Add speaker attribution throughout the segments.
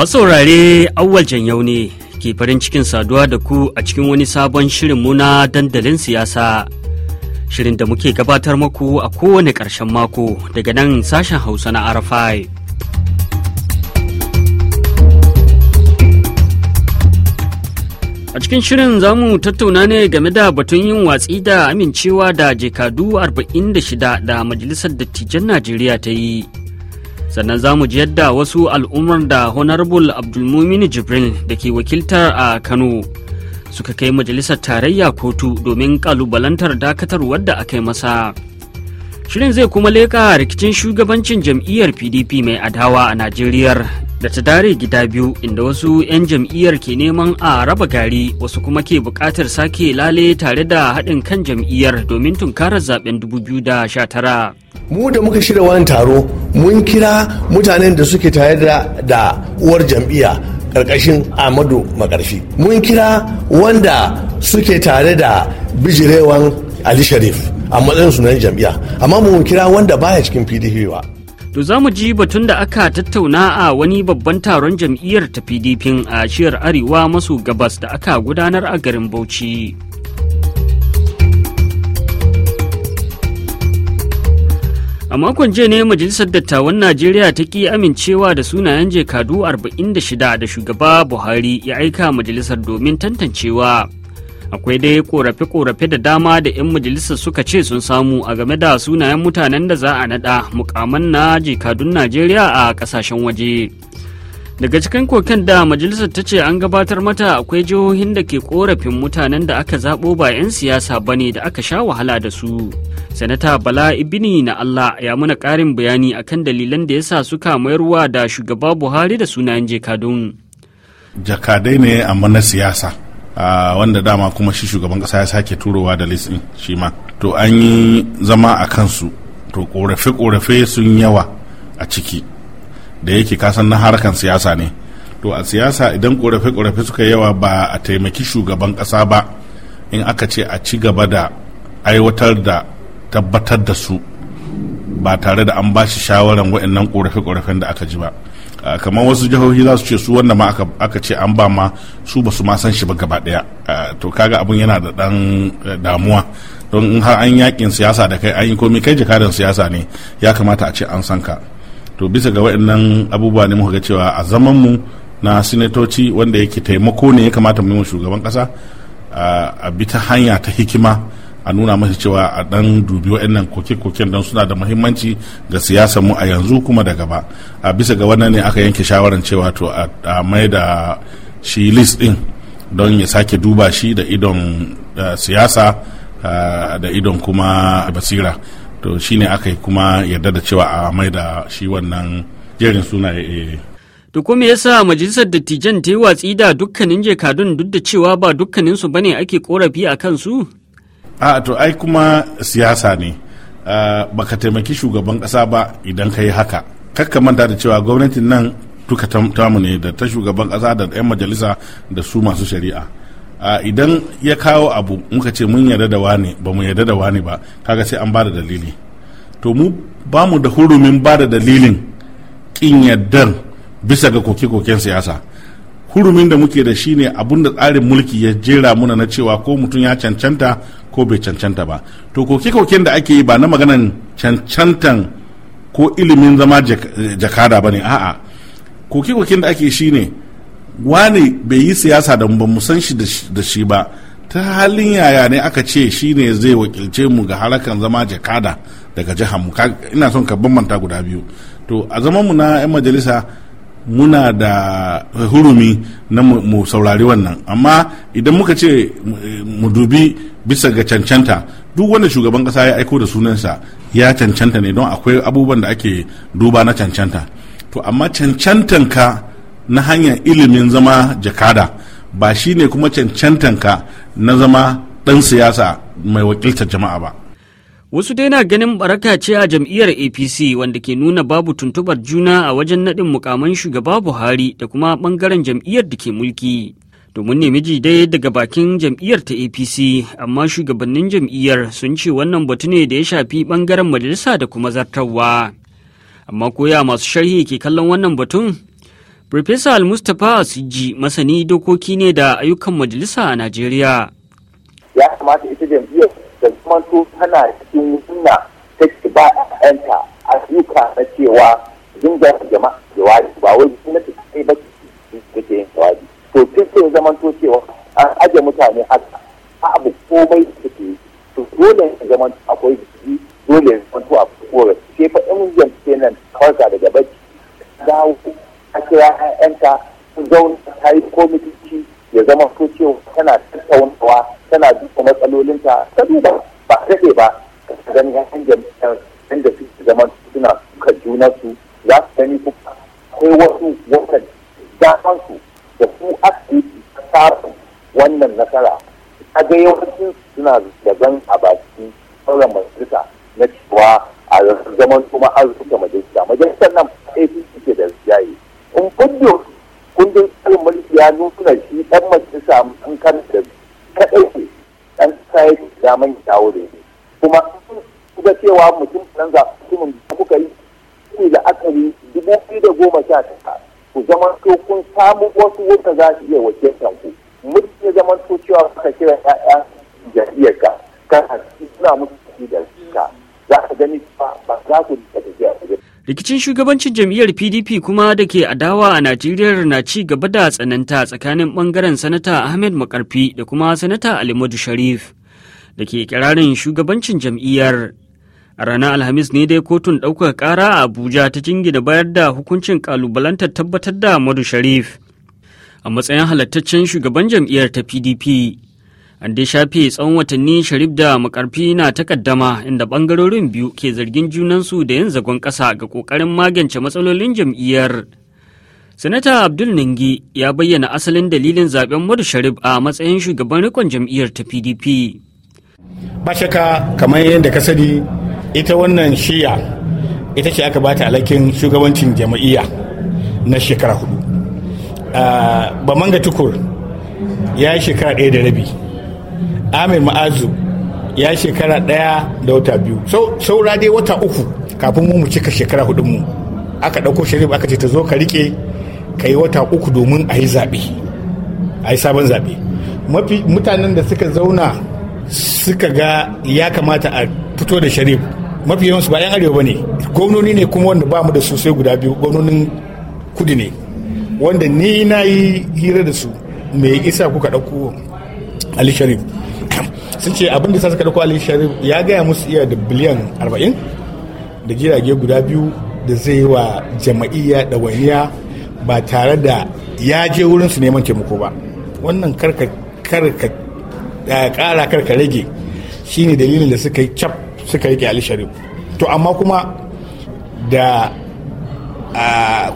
Speaker 1: Masu saurare awwal yau ne ke farin cikin saduwa da ku a cikin wani sabon shirin muna dandalin siyasa. Shirin da muke gabatar maku a kowane ƙarshen mako daga nan sashen Hausa na Arafai. A cikin shirin za mu tattauna ne game da batun yin watsi da amincewa da jekadu 46 da Majalisar Dattijan Najeriya ta yi. sannan za mu ji yadda wasu al'ummar da honorable abdulmumin jibril da ke wakiltar a kano suka kai majalisar tarayya kotu domin kalubalantar dakatar wadda aka yi masa shirin zai kuma leka rikicin shugabancin jam'iyyar pdp mai adawa a najeriya da ta dare gida biyu inda wasu 'yan jam'iyyar ke neman a raba gari wasu kuma ke bukatar sake lale tare da haɗin kan jam'iyyar domin tunkarar zaben 2019
Speaker 2: mu da muka shirya wani taro mun kira mutanen da suke tare da uwar jam'iyya ƙarƙashin amadu makarfi mun kira wanda suke tare da bijirewan ali sharif a matsayin sunan jam'iyya amma mu kira wanda baya cikin pdp ba
Speaker 1: To za mu ji batun da aka tattauna a wani babban taron jam'iyyar ta PDP a shiyar Arewa maso gabas da aka gudanar a garin Bauchi. A makon jiya ne Majalisar Dattawan Najeriya ta ki amincewa da sunayen jekadu 46 da shugaba Buhari ya aika majalisar domin tantancewa. akwai dai korafe-korafe da dama da 'yan majalisar suka ce sun samu a game da sunayen mutanen da za a naɗa mukaman na jikadun najeriya a kasashen waje daga cikin koken da majalisar ta ce an gabatar mata akwai jihohin da ke korafin mutanen da aka zaɓo ba 'yan siyasa ba ne da aka sha wahala da su sanata bala ibini na allah ya muna ƙarin bayani akan dalilan da ya sa suka mayarwa da shugaba buhari da sunayen jekadun
Speaker 3: jakadai ne amma na siyasa wanda dama kuma shi shugaban kasa ya sake turowa da lisin shi ma to an yi zama a kansu to korafe-korafe sun yawa a ciki da yake kasan na harkan siyasa ne to a siyasa idan korafe-korafe suka yawa ba a taimaki shugaban kasa ba in aka ce a ci gaba da aiwatar da tabbatar da su ba tare da an ba shi shawaran waɗannan korafe-korafen da aka ji ba Ah, kamar wasu jihohi za su ce su wanda ma aka ce an ba ma su ba su ma san shi ba gaba daya ah, to kaga abun yana da dan eh, damuwa don in har an yakin siyasa da kai an yi komai kai jakadan siyasa ne ya kamata a ce an san ka to bisa ga waɗannan abubuwa ne muka ga cewa a zaman mu na sinatoci wanda yake taimako ne ya kamata mu yi shugaban kasa ah, a bi ta hanya ta hikima a nuna masa cewa a dan dubi waɗannan koke-koken don suna da muhimmanci ga siyasar mu a yanzu kuma da gaba a bisa ga wannan ne aka yanke shawaran cewa to a mai da shi list din don ya sake duba shi da idon siyasa da idon kuma basira to shine aka yi kuma yarda da cewa a mai da shi wannan jerin sunaye eh.
Speaker 1: To kuma ya sa majalisar dattijan ta yi watsi da dukkanin jakadun duk da cewa ba dukkaninsu bane ake korafi a kansu?
Speaker 3: a to ai kuma siyasa ne baka taimaki shugaban kasa ba idan ka yi haka kakka manta da cewa gwamnatin nan duka tamu ne da ta shugaban kasa da 'yan majalisa da su masu shari'a idan ya kawo abu muka ce mun yarda da wani ba mu yarda da wani ba kaga sai an ba da dalili to mu ba mu da hurumin ba da dalilin kin yardar bisa ga koke-koken siyasa hurumin da muke da shine ne abun da tsarin mulki ya jera muna na cewa ko mutum ya cancanta ko bai cancanta ba to koke-koken da ake yi ba na maganan cancantan ko ilimin zama jakada ba ne a'a koke-koken da ake shi ne wani bai yi siyasa da ba mu san shi da shi ba ta halin yaya ne aka ce shi ne zai wakilce mu ga harakan zama jakada daga jihar mu ina son ka bambanta guda biyu to a zaman mu na 'yan majalisa muna da hurumi na mu saurari wannan amma idan muka ce mu dubi bisa ga cancanta duk wanda shugaban kasa ya aiko da sunansa ya cancanta ne don akwai abubuwan da ake duba na cancanta to amma cancantan ka na hanyar ilimin zama jakada ba shine kuma cancantan ka na zama dan siyasa mai wakiltar jama'a ba
Speaker 1: Wasu dai na ganin baraka ce a jam'iyyar APC wanda ke nuna babu tuntubar juna a wajen naɗin mukaman shugaba Buhari da kuma ɓangaren jam'iyyar da ke mulki. Domin ne miji dai daga bakin jam'iyyar ta APC, amma shugabannin jam'iyyar sun ce wannan batu ne da ya shafi ɓangaren majalisa da kuma zartarwa. Amma koya masu sharhi ke kallon wannan batun? Profesa Al-Mustapha Asiji masani dokoki ne da ayyukan majalisa a Najeriya.
Speaker 4: Ya kamata ita jam'iyyar zamanto tana cikin suna ta ci ba a yanta a yuka na cewa zungar jama'a jawabi ba wai ta kai ba ke yin jawabi to tun zaman zamanto cewa an ajiye mutane haka abu komai da ke yi to dole ya zamanto akwai jiki dole ya zamanto a kore sai fa in jamce nan farka daga bacci dawo a kira ɗanta sun zauna ta yi komitici ya zama so cewa tana tattaunawa tana duka matsalolinta ta duba daɗe ba ka gani yan jami'an inda suke zama suna kan junansu za su gani kuma akwai wasu wakan su da su ta yi wannan nasara a ga yau ɗari dubu biyu da goma sha tara ku zama to kun samu wasu wanda za su iya wakiltan ku mutum ya zama to cewa ka kira ya'ya jam'iyyar ka kana suna musu da ka za ka gani ba
Speaker 1: za ku da tafiya rikicin shugabancin jam'iyyar pdp kuma da ke adawa a najeriya na ci gaba da tsananta tsakanin bangaren sanata ahmed makarfi da kuma sanata alimadu sharif da ke kirarin shugabancin jam'iyyar A ranar Alhamis ne dai kotun ɗaukar ƙara a Abuja ta jingina bayar da hukuncin ƙalubalantar tabbatar da Madu Sharif. A matsayin halattaccen shugaban jam'iyyar ta PDP, an dai shafe tsawon watanni Sharif da makarfi na takaddama inda ɓangarorin biyu ke zargin junansu da yin zagon ƙasa ga ƙoƙarin magance matsalolin jam'iyyar. Sanata Abdul Ningi ya bayyana asalin dalilin zaben Madu Sharif a matsayin shugaban rikon jam'iyyar ta PDP.
Speaker 5: Ba shakka kamar yadda ka sani ita wannan shiya ita ce aka bata alakin shugabancin jama'iyya na shekara hudu ah, ba tukur ya yi shekara ɗaya da rabi amir ma'azu ya yi shekara ɗaya da wata biyu saura dai wata uku kafin mu cika shekara hudun mu aka ɗauko sharif aka ce ta zo ka rike ka yi wata uku domin a yi zaɓe a yi sabon zaɓe mutanen da suka zauna suka ga ya kamata a fito da sharif mafi yawansu ba 'yan arewa ne gwamnoni ne kuma wanda ba mu da su sai guda biyu gwamnonin kudi ne wanda ni na yi hira da su mai isa kuka ɗauko ali sharif sun ce abin da sa suka ɗauko ali sharif ya gaya musu iya da biliyan arba'in da jirage guda biyu da zai wa jama'iyya ɗawainiya ba tare da ya je wurin su neman taimako ba wannan karka karka eh, ƙara karka rage shine dalilin da suka yi cap suka yi ali sharif to amma kuma da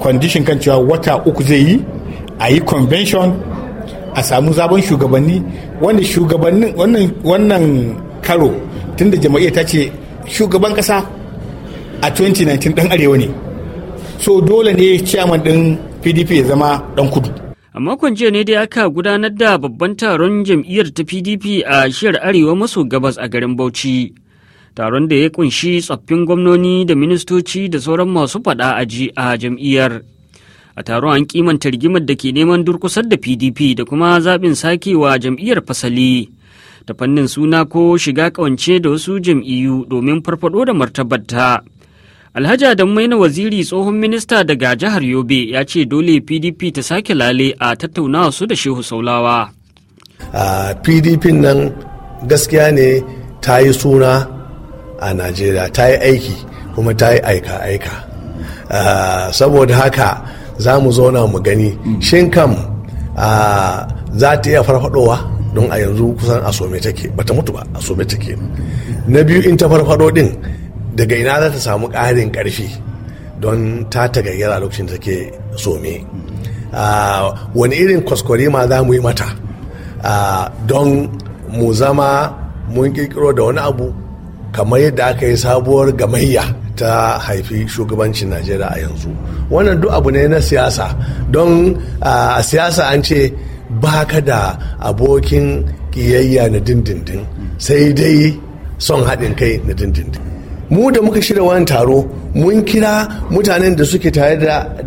Speaker 5: kwandishin kan cewa wata uku zai yi a yi convention a samu zaben shugabanni wanda shugabannin wannan karo tunda jama'iyya ta ce shugaban kasa a 2019 dan arewa ne so dole ne ciyaman din pdp ya zama dan kudu
Speaker 1: a makon jiya ne dai aka gudanar da babban taron jam'iyyar ta pdp a shiyar arewa maso gabas a garin bauchi taron da ya kunshi tsoffin gwamnoni da ministoci da sauran masu faɗa aji a jam'iyyar a taron an kimanta rigimar da ke neman durkusar da pdp da kuma zaɓin sakewa jam'iyyar fasali ta fannin suna ko shiga ƙawance da wasu jam'iyyu domin farfado da martabarta alhaji mai na waziri tsohon minista daga jihar yobe ya ce dole pdp ta sake lale a tattaunawa su da shehu saulawa
Speaker 2: pdp nan gaskiya ne ta yi suna a najeriya ta yi aiki kuma ta yi aika-aika ah, saboda haka za mu zauna mu gani mm. shin kam ah, za ta iya farfadowa don a yanzu kusan a some take bata mutu ba a some take na biyu in ta farfado din daga ina za ta samu ƙarin ƙarfi don ta tagayyara lokacin da take some ah, wani irin kwaskwari ma za mu yi mata don mu zama mun kirkiro da wani abu kamar yadda aka yi sabuwar gamayya ta haifi shugabancin najeriya a yanzu wannan duk abu ne na siyasa don a siyasa an ce ba ka da abokin kiyayya na dindindin sai dai son haɗin kai na dindindin mu da muka shirya wani taro mun kira mutanen da suke tare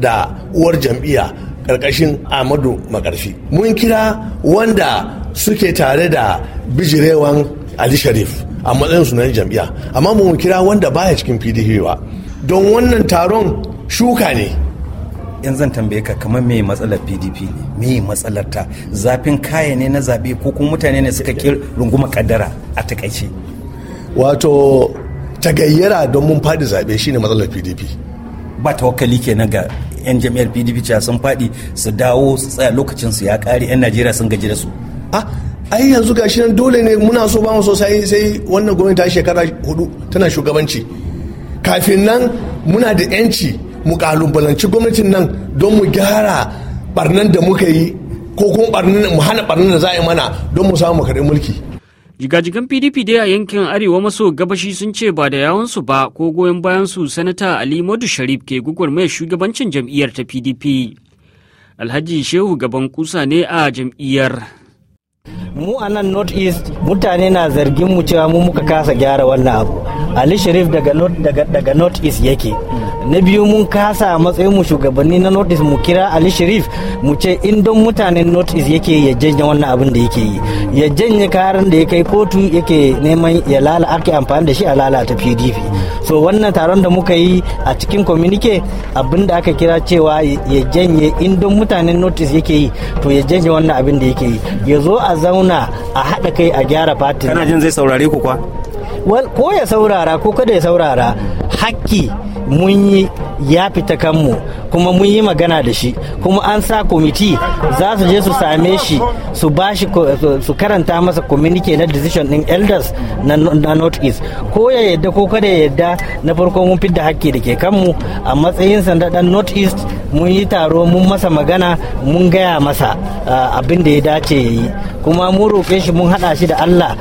Speaker 2: da uwar jam'iyya ƙarƙashin amadu makarfi mun kira wanda suke tare da bijirewan ali sharif a matsayin su na jam'iyya amma mu kira wanda baya cikin pdp ba don wannan taron shuka ne in
Speaker 5: zan tambaye ka kamar me matsalar pdp ne me matsalar ta zafin kaya ne na zabe ko kuma mutane ne suka ki runguma kaddara a takaice
Speaker 2: wato tagayyara don mun fadi zaɓe shine matsalar pdp ba tawakkali kenan ga 'yan jam'iyyar
Speaker 5: pdp cewa sun fadi su dawo su tsaya lokacin su ya kare 'yan najeriya sun gaji da su
Speaker 2: ah, ai yanzu gashi nan dole ne muna so ba mu so sai wannan gwamnati ta shekara hudu tana shugabanci kafin nan muna da yanci mu kalubalanci gwamnatin nan don mu gyara barnan da muka yi ko kuma mu hana barnan da za a mana don mu samu kare mulki
Speaker 1: jigajigan pdp dai a yankin arewa maso gabashi sun ce ba da yawon su ba ko goyon bayan su sanata ali madu sharif ke mai shugabancin jam'iyyar ta pdp alhaji shehu gaban kusa ne a jam'iyyar
Speaker 6: mu a nan north east mutane na zargin mu cewa mu muka kasa gyara wannan abu ali sharif daga north daga daga north east yake na biyu mun kasa a matsayin mu shugabanni na notice mu kira ali sharif mu ce in don mutanen notice yake ya janye wannan abin da yake yi ya janye karin da ya kai kotu yake neman ya lala ake amfani da shi a lalata pdp so wannan taron da muka yi a cikin communique abin da aka kira cewa ya janye in don mutanen notice yake yi to ya janye wannan abin da yake yi ya zo a zauna a haɗa kai a gyara fatin kana jin zai saurare ku kwa ko ya saurara ko kada ya saurara hakki mun yi ya fita kanmu kuma mun yi magana da shi kuma an sa kwamiti za su je su same shi su ba su karanta masa communique na decision din elders na north east ko ya yadda ko kada ya yadda na farko mun fidda hakki da ke kanmu a matsayin sanda ɗan north east mun yi taro mun masa magana mun gaya masa abin da ya dace ya yi kuma mun roƙe shi mun haɗa shi da allah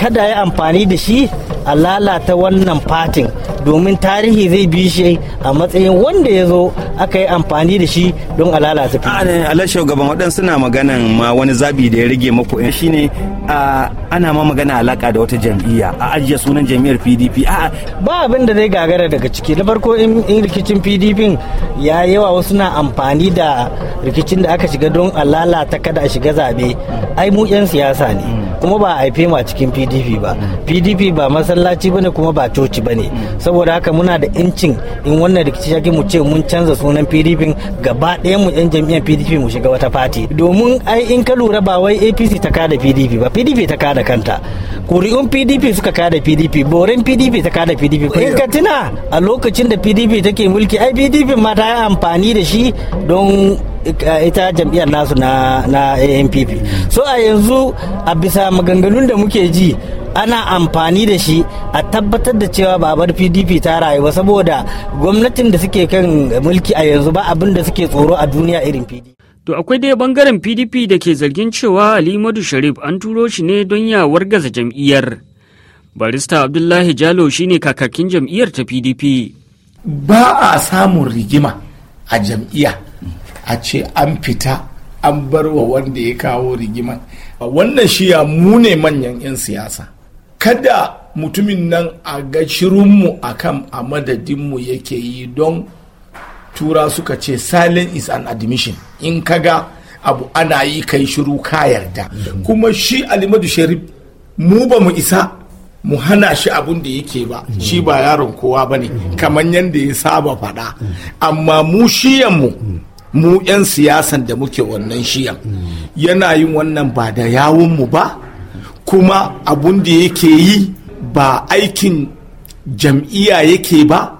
Speaker 6: kada ya amfani da shi a lalata wannan fatin domin tarihi zai bi shi a matsayin wanda ya zo aka yi amfani da shi don a lalata fili.
Speaker 5: Alan shugaban waɗansu suna maganan ma wani zabi da ya rage maku in eh, shine
Speaker 6: ana ma magana alaka da wata jam'iyya a ajiye sunan jam'iyyar PDP. Ba abin da zai gagara daga ciki na farko in rikicin PDP ya yawa wasu na amfani da rikicin da aka shiga don a lalata kada a shiga zabe ai mu 'yan siyasa ne. Mm. kuma ba a haife mu a cikin pdp ba pdp ba masallaci bane kuma ba coci bane saboda haka muna da incin in wannan rikici shaki mu ce mun canza sunan pdp gaba ɗaya mu yan jam'iyyar pdp mu shiga wata fati domin ai in ka lura ba wai apc ta kada pdp ba pdp ta kada kanta Kuri'un pdp suka kada pdp borin pdp ta kada pdp in ka tuna a lokacin da pdp take mulki ai pdp ma ta yi amfani da shi don eh, ita jam'iyyar nasu na na ampp so a yanzu a bisa maganganun da muke ji ana amfani da shi a tabbatar da cewa ba bar pdp ta rayu ba saboda gwamnatin da suke kan mulki a yanzu ba abin da suke
Speaker 1: tsoro a duniya irin pdp To akwai dai bangaren PDP da ke zargin cewa Ali Madu Sharif an turo shi ne don ya wargaza jam'iyyar. Barista Abdullahi Jalo shine kakakin jam'iyyar ta PDP.
Speaker 7: Ba a samun rigima a jam'iyya a ce an fita an bar wa wanda ya kawo rigima. Wannan shi ya mune manyan 'yan siyasa. Kada mutumin nan a ga shirunmu a kan a madadinmu yake yi don tura suka ce silence is an admission. in kaga abu ana yi kai shiru ka yarda kuma shi alimadu sharif mu ba mu isa mu hana shi abun da yake ba shi ba yaron kowa ba ne kamar yadda ya saba faɗa amma mu shiyan mu mu 'yan siyasan da muke wannan shiyan yana yin wannan ba da mu ba kuma abun da yake yi ba aikin jam'iyya yake ba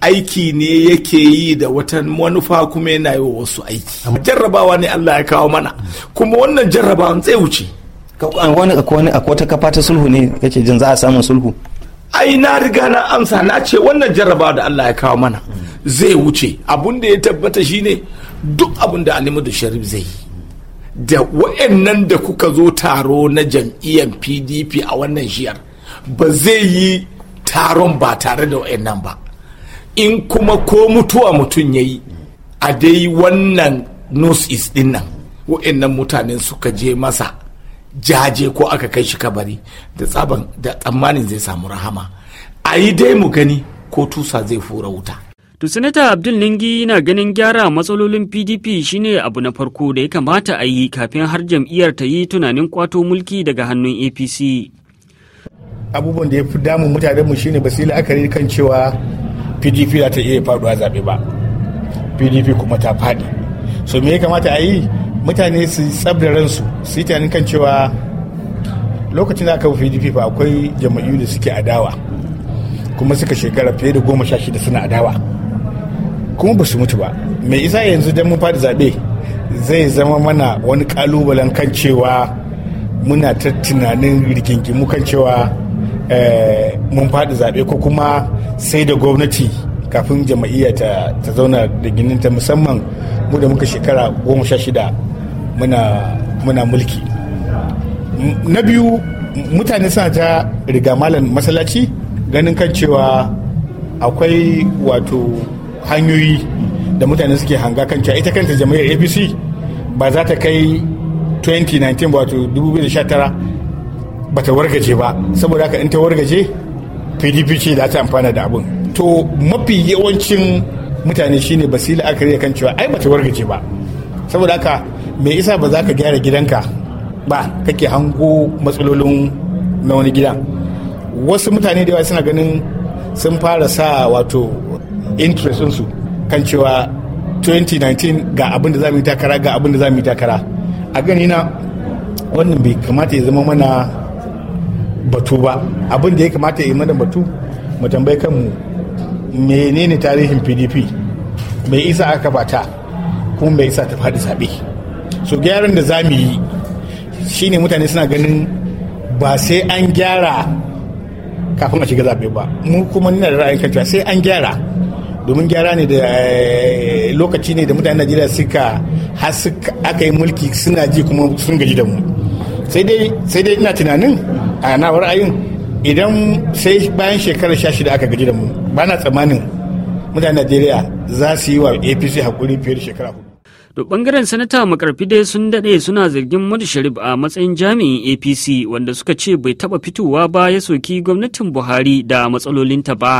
Speaker 7: aiki ne yake yi da wata manufa kuma yana yi wa wasu aiki jarrabawa ne Allah ya kawo mana kuma wannan jarrabawan zai wuce
Speaker 8: wani akwai wata kafa ta sulhu ne yake jin za a samu sulhu
Speaker 7: ai na riga na amsa na ce wannan jarrabawa da Allah ya kawo mana zai wuce abun da ya tabbata shine duk abun da Alimu da Sharif zai yi da waɗannan da kuka zo taro na jam'iyyar PDP a wannan shiyar ba zai yi taron ba tare da waɗannan ba in kuma ko mutuwa mutum ya yi a dai wannan north east din nan wa'annan mutanen suka je masa jaje ko aka kai shi kabari da tsaban da tsammanin zai samu rahama a yi dai mu gani ko tusa zai fura wuta
Speaker 1: to sanata abdul ningi na ganin gyara matsalolin pdp shine abu na farko da ya kamata a yi kafin har jam'iyyar ta yi tunanin kwato mulki daga hannun apc
Speaker 5: abubuwan da ya fi damun mutanenmu shine basi la'akari kan cewa pdp za ta iya faɗuwa zaɓe ba pdp kuma ta faɗi so me ya kamata a yi mutane su tsabda ransu su yi tunanin kan cewa lokacin da aka fi pdp ba akwai jama'u da suke adawa kuma suka shekara fiye da goma sha shida suna adawa kuma ba su mutu ba me isa yanzu don mun faɗi zaɓe zai zama mana wani ƙalubalen kan cewa muna ta tunanin rigingimu kan cewa Eh, mun faɗi zaɓe ko kuma sai da gwamnati kafin jama'iyya ta zauna da gininta musamman mu da muka shekara goma sha shida muna mulki na biyu mutane suna ta riga malam masallaci ganin kan cewa akwai wato hanyoyi da mutane suke hanga kan cewa ita kanta jam'iyyar apc ba za ta kai 2019 wato 2019 bata wargaje ba saboda haka in ta wargaje pdp ce za ta amfana da abin to mafi yawancin mutane shine ba su la'akari kan cewa ai bata wargaje ba saboda haka me isa ba za ka gyara gidanka ba kake hango matsalolin na wani gidan wasu mutane da yawa suna ganin sun fara sa wato interest su kan cewa 2019 ga abin da za mu yi takara ga abin da za mu yi takara a ganina wannan bai kamata ya zama mana batu ba abin da ya kamata yi mana batu mu tambayi kanmu menene tarihin pdp mai isa aka bata kuma mai isa ta faɗi zaɓe so gyaran da za mu yi shine mutane suna ganin ba sai an gyara kafin a shiga zaɓe ba mu kuma nuna da ra'ayin kan sai an gyara domin gyara ne da eh, lokaci ne da mutanen najeriya suka har aka yi mulki suna ji kuma sun gaji da mu sai dai sai dai ina tunanin a na ra'ayin idan sai bayan shekarar sha shida aka gaji da mu ba na tsammanin mutanen najeriya za su yi wa apc hakuri fiye da shekara hudu
Speaker 1: to bangaren sanata makarfi dai sun dade suna zargin madu sharif a matsayin jami'in apc wanda suka ce bai taba fitowa ba ya soki gwamnatin buhari da matsalolinta ba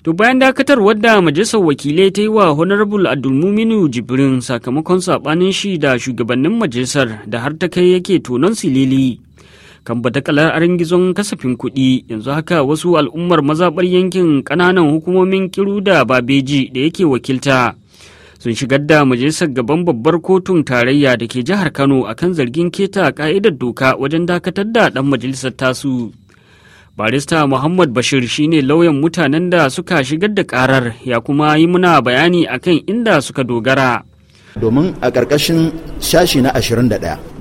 Speaker 1: To bayan dakatar wadda majalisar wakilai ta yi wa Honorable Abdulmuminu Jibrin sakamakon saɓanin shi da shugabannin majalisar da har ta kai yake tonon silili. Kan batakalar gizon kasafin kuɗi yanzu haka wasu al'ummar mazaɓar yankin ƙananan hukumomin kiru da babeji da yake wakilta. Sun shigar da majalisar gaban babbar kotun tarayya da ke jihar Kano akan zargin keta ƙa'idar doka wajen dakatar da ɗan majalisar tasu. barista muhammad bashir shine lauyan mutanen da suka shigar da karar ya kuma yi muna bayani akan inda suka dogara
Speaker 8: domin a ƙarƙashin shashi na 21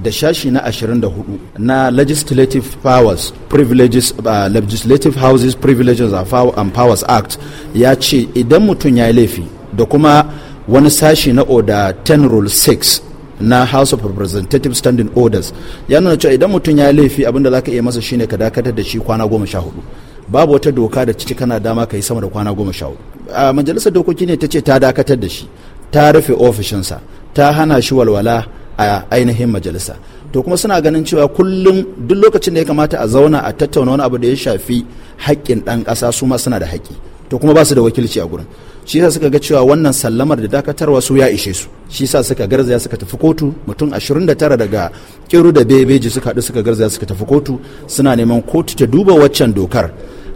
Speaker 8: da shashi na 24 na legislative powers privileges uh, legislative houses privileges and powers act ya ce idan mutum ya yi laifi da kuma wani sashi na oda 10 rule 6 na house of representative standing orders ya nuna cewa idan mutum ya laifi abinda za ka iya masa shine ka dakatar da shi kwana goma sha hudu babu wata doka da ciki kana dama ka yi sama da kwana goma sha hudu a majalisar dokoki ne ta ce ta dakatar da shi ta rufe ofishinsa ta hana shi walwala a ainihin majalisa to kuma suna ganin cewa kullum duk lokacin da ya kamata a zauna a tattauna wani abu da ya shafi haƙƙin ɗan ƙasa su ma suna da haƙƙi to kuma ba su da wakilci a gurin shi yasa suka ga cewa wannan sallamar da dakatarwa su ya ishe su shi yasa suka garzaya suka tafi kotu mutum 29 daga kiru da bebeji suka haɗu suka garzaya suka tafi kotu suna neman kotu ta duba waccan dokar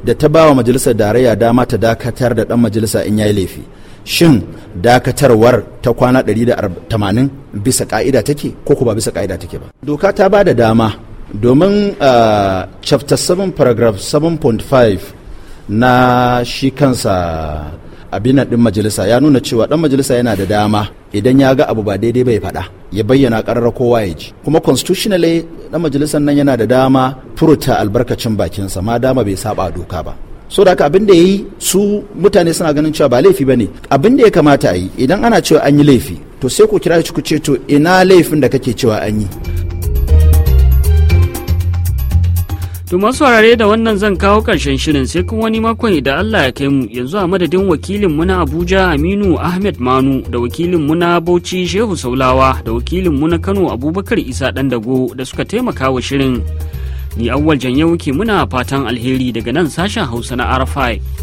Speaker 8: da ta bawa majalisar darayya dama ta dakatar da dan majalisa in yayi laifi shin dakatarwar ta kwana 180 bisa ka'ida take ko ba bisa ka'ida take ba doka ta ba da dama domin ah, chapter 7 paragraph 7.5 na shi kansa abin din majalisa ya nuna cewa dan majalisa yana da dama idan ya ga abu ba daidai bai faɗa ya bayyana karar kowa ya ji kuma constitutionally dan majalisar nan yana da dama furuta albarkacin bakinsa ma dama bai saba doka ba so da haka abin da ya su mutane suna ganin cewa ba laifi ba ne abin da ya kamata a yi idan ana cewa an yi laifi to sai ku kira shi ku ce to ina laifin da kake cewa an yi
Speaker 1: To masu saurare da wannan zan kawo ƙarshen shirin sai kuma wani makon idan Allah ya kai mu yanzu a madadin wakilin mu na Abuja Aminu Ahmed Manu da wakilin mu na Bauchi Shehu Saulawa da wakilin mu na Kano Abubakar Isa Dandago da suka taimaka wa shirin. Ni awwal janyau ke muna fatan alheri daga nan sashen Hausa na rfi.